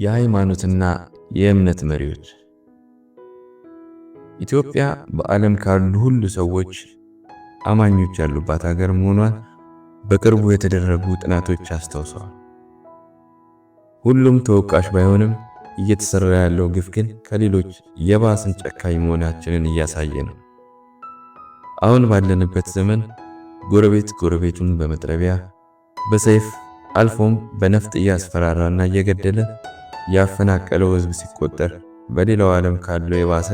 የሃይማኖትና የእምነት መሪዎች ኢትዮጵያ በዓለም ካሉ ሁሉ ሰዎች አማኞች ያሉባት ሀገር መሆኗን በቅርቡ የተደረጉ ጥናቶች አስታውሰዋል። ሁሉም ተወቃሽ ባይሆንም እየተሰራ ያለው ግፍ ግን ከሌሎች የባስን ጨካኝ መሆናችንን እያሳየ ነው። አሁን ባለንበት ዘመን ጎረቤት ጎረቤቱን በመጥረቢያ በሰይፍ አልፎም በነፍጥ እያስፈራራና እየገደለ ያፈናቀለው ህዝብ ሲቆጠር በሌላው ዓለም ካለው የባሰ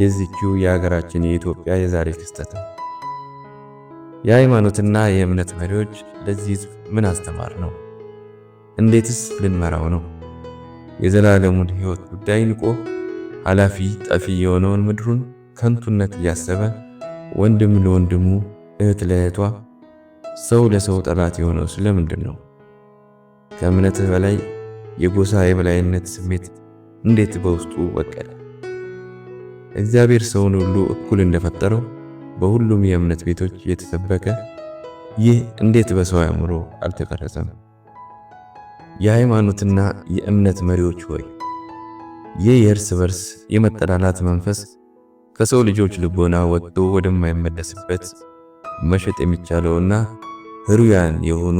የዚችው የሀገራችን የኢትዮጵያ የዛሬ ክስተት ነው። የሃይማኖትና የእምነት መሪዎች ለዚህ ህዝብ ምን አስተማር ነው? እንዴትስ ልንመራው ነው? የዘላለሙን ህይወት ጉዳይ ንቆ ኃላፊ ጠፊ የሆነውን ምድሩን ከንቱነት እያሰበ ወንድም ለወንድሙ እህት ለእህቷ ሰው ለሰው ጠላት የሆነው ስለምንድን ነው? ከእምነትህ በላይ የጎሳ የበላይነት ስሜት እንዴት በውስጡ በቀለ። እግዚአብሔር ሰውን ሁሉ እኩል እንደፈጠረው በሁሉም የእምነት ቤቶች የተሰበከ ይህ እንዴት በሰው አእምሮ አልተቀረጸም? የሃይማኖትና የእምነት መሪዎች ሆይ ይህ የእርስ በርስ የመጠላላት መንፈስ ከሰው ልጆች ልቦና ወጥቶ ወደማይመለስበት መሸጥ የሚቻለውና ህሩያን የሆኑ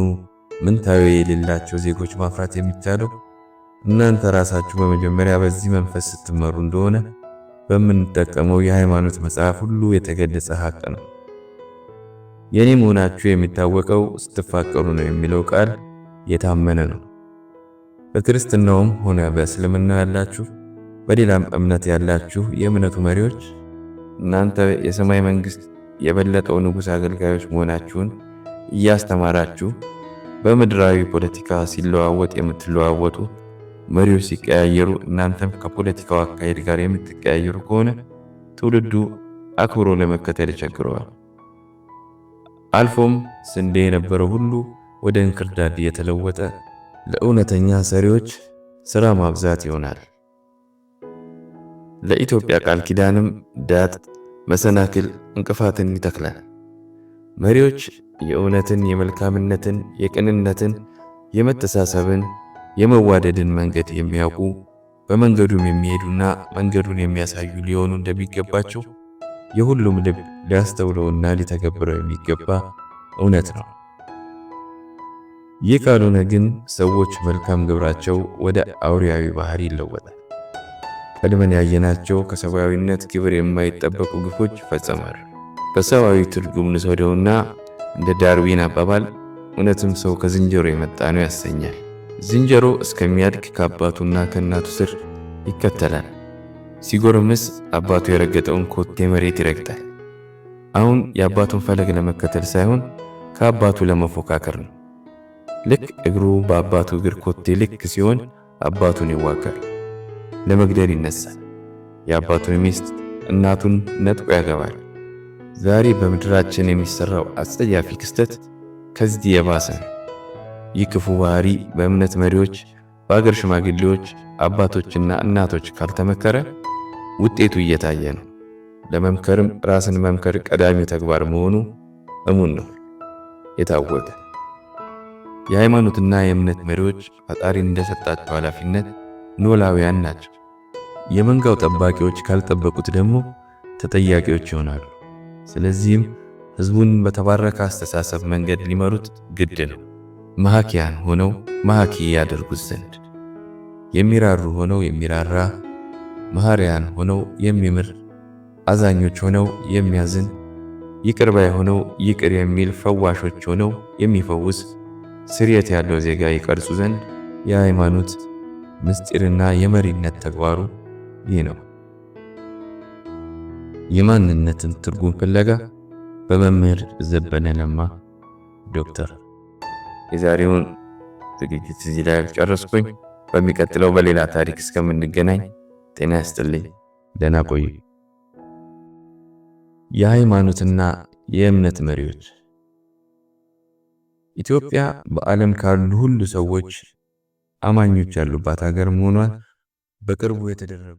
ምንታዊ የሌላቸው ዜጎች ማፍራት የሚቻለው እናንተ ራሳችሁ በመጀመሪያ በዚህ መንፈስ ስትመሩ እንደሆነ በምንጠቀመው የሃይማኖት መጽሐፍ ሁሉ የተገለጸ ሀቅ ነው። የኔ መሆናችሁ የሚታወቀው ስትፋቀሩ ነው የሚለው ቃል የታመነ ነው። በክርስትናውም ሆነ በእስልምና ያላችሁ፣ በሌላም እምነት ያላችሁ የእምነቱ መሪዎች እናንተ የሰማይ መንግስት የበለጠው ንጉሥ አገልጋዮች መሆናችሁን እያስተማራችሁ በምድራዊ ፖለቲካ ሲለዋወጥ የምትለዋወጡ መሪዎች ሲቀያየሩ እናንተም ከፖለቲካው አካሄድ ጋር የምትቀያየሩ ከሆነ ትውልዱ አክብሮ ለመከተል ይቸግረዋል። አልፎም ስንዴ የነበረው ሁሉ ወደ እንክርዳድ እየተለወጠ ለእውነተኛ ሰሪዎች ስራ ማብዛት ይሆናል። ለኢትዮጵያ ቃል ኪዳንም ዳጥ፣ መሰናክል፣ እንቅፋትን ይተክላል። መሪዎች የእውነትን፣ የመልካምነትን፣ የቅንነትን፣ የመተሳሰብን የመዋደድን መንገድ የሚያውቁ በመንገዱም የሚሄዱና መንገዱን የሚያሳዩ ሊሆኑ እንደሚገባቸው የሁሉም ልብ ሊያስተውለውና ሊተገብረው የሚገባ እውነት ነው። ይህ ካልሆነ ግን ሰዎች መልካም ግብራቸው ወደ አውሪያዊ ባህሪ ይለወጣል። ቀድመን ያየናቸው ከሰብአዊነት ግብር የማይጠበቁ ግፎች ይፈጸማሉ። በሰብአዊ ትርጉም ንሰደውና እንደ ዳርዊን አባባል እውነትም ሰው ከዝንጀሮ የመጣ ነው ያሰኛል። ዝንጀሮ እስከሚያድግ ከአባቱና ከእናቱ ስር ይከተላል። ሲጎርምስ አባቱ የረገጠውን ኮቴ መሬት ይረግጣል። አሁን የአባቱን ፈለግ ለመከተል ሳይሆን ከአባቱ ለመፎካከር ነው። ልክ እግሩ በአባቱ እግር ኮቴ ልክ ሲሆን አባቱን ይዋጋል፣ ለመግደል ይነሳል። የአባቱን ሚስት እናቱን ነጥቆ ያገባል። ዛሬ በምድራችን የሚሰራው አጸያፊ ክስተት ከዚህ የባሰ ነው። ይህ ክፉ ባህሪ በእምነት መሪዎች፣ በአገር ሽማግሌዎች፣ አባቶችና እናቶች ካልተመከረ ውጤቱ እየታየ ነው። ለመምከርም ራስን መምከር ቀዳሚው ተግባር መሆኑ እሙን ነው የታወቀ። የሃይማኖትና የእምነት መሪዎች ፈጣሪ እንደሰጣቸው ኃላፊነት ኖላውያን ናቸው። የመንጋው ጠባቂዎች ካልጠበቁት ደግሞ ተጠያቂዎች ይሆናሉ። ስለዚህም ህዝቡን በተባረከ አስተሳሰብ መንገድ ሊመሩት ግድ ነው። መሐኪያን ሆነው መሐኪ ያደርጉት ዘንድ የሚራሩ ሆነው የሚራራ መሐሪያን ሆነው የሚምር አዛኞች ሆነው የሚያዝን ይቅር ባይ ሆነው ይቅር የሚል ፈዋሾች ሆነው የሚፈውስ ስርየት ያለው ዜጋ ይቀርጹ ዘንድ የሃይማኖት ምስጢርና የመሪነት ተግባሩ ይህ ነው። የማንነትን ትርጉም ፍለጋ በመምህር ዘበነ ለማ ዶክተር የዛሬውን ዝግጅት እዚህ ላይ ጨረስኩኝ። በሚቀጥለው በሌላ ታሪክ እስከምንገናኝ ጤና ያስጥልኝ። ደህና ቆዩ። የሃይማኖትና የእምነት መሪዎች ኢትዮጵያ በዓለም ካሉ ሁሉ ሰዎች አማኞች ያሉባት ሀገር መሆኗን በቅርቡ የተደረጉ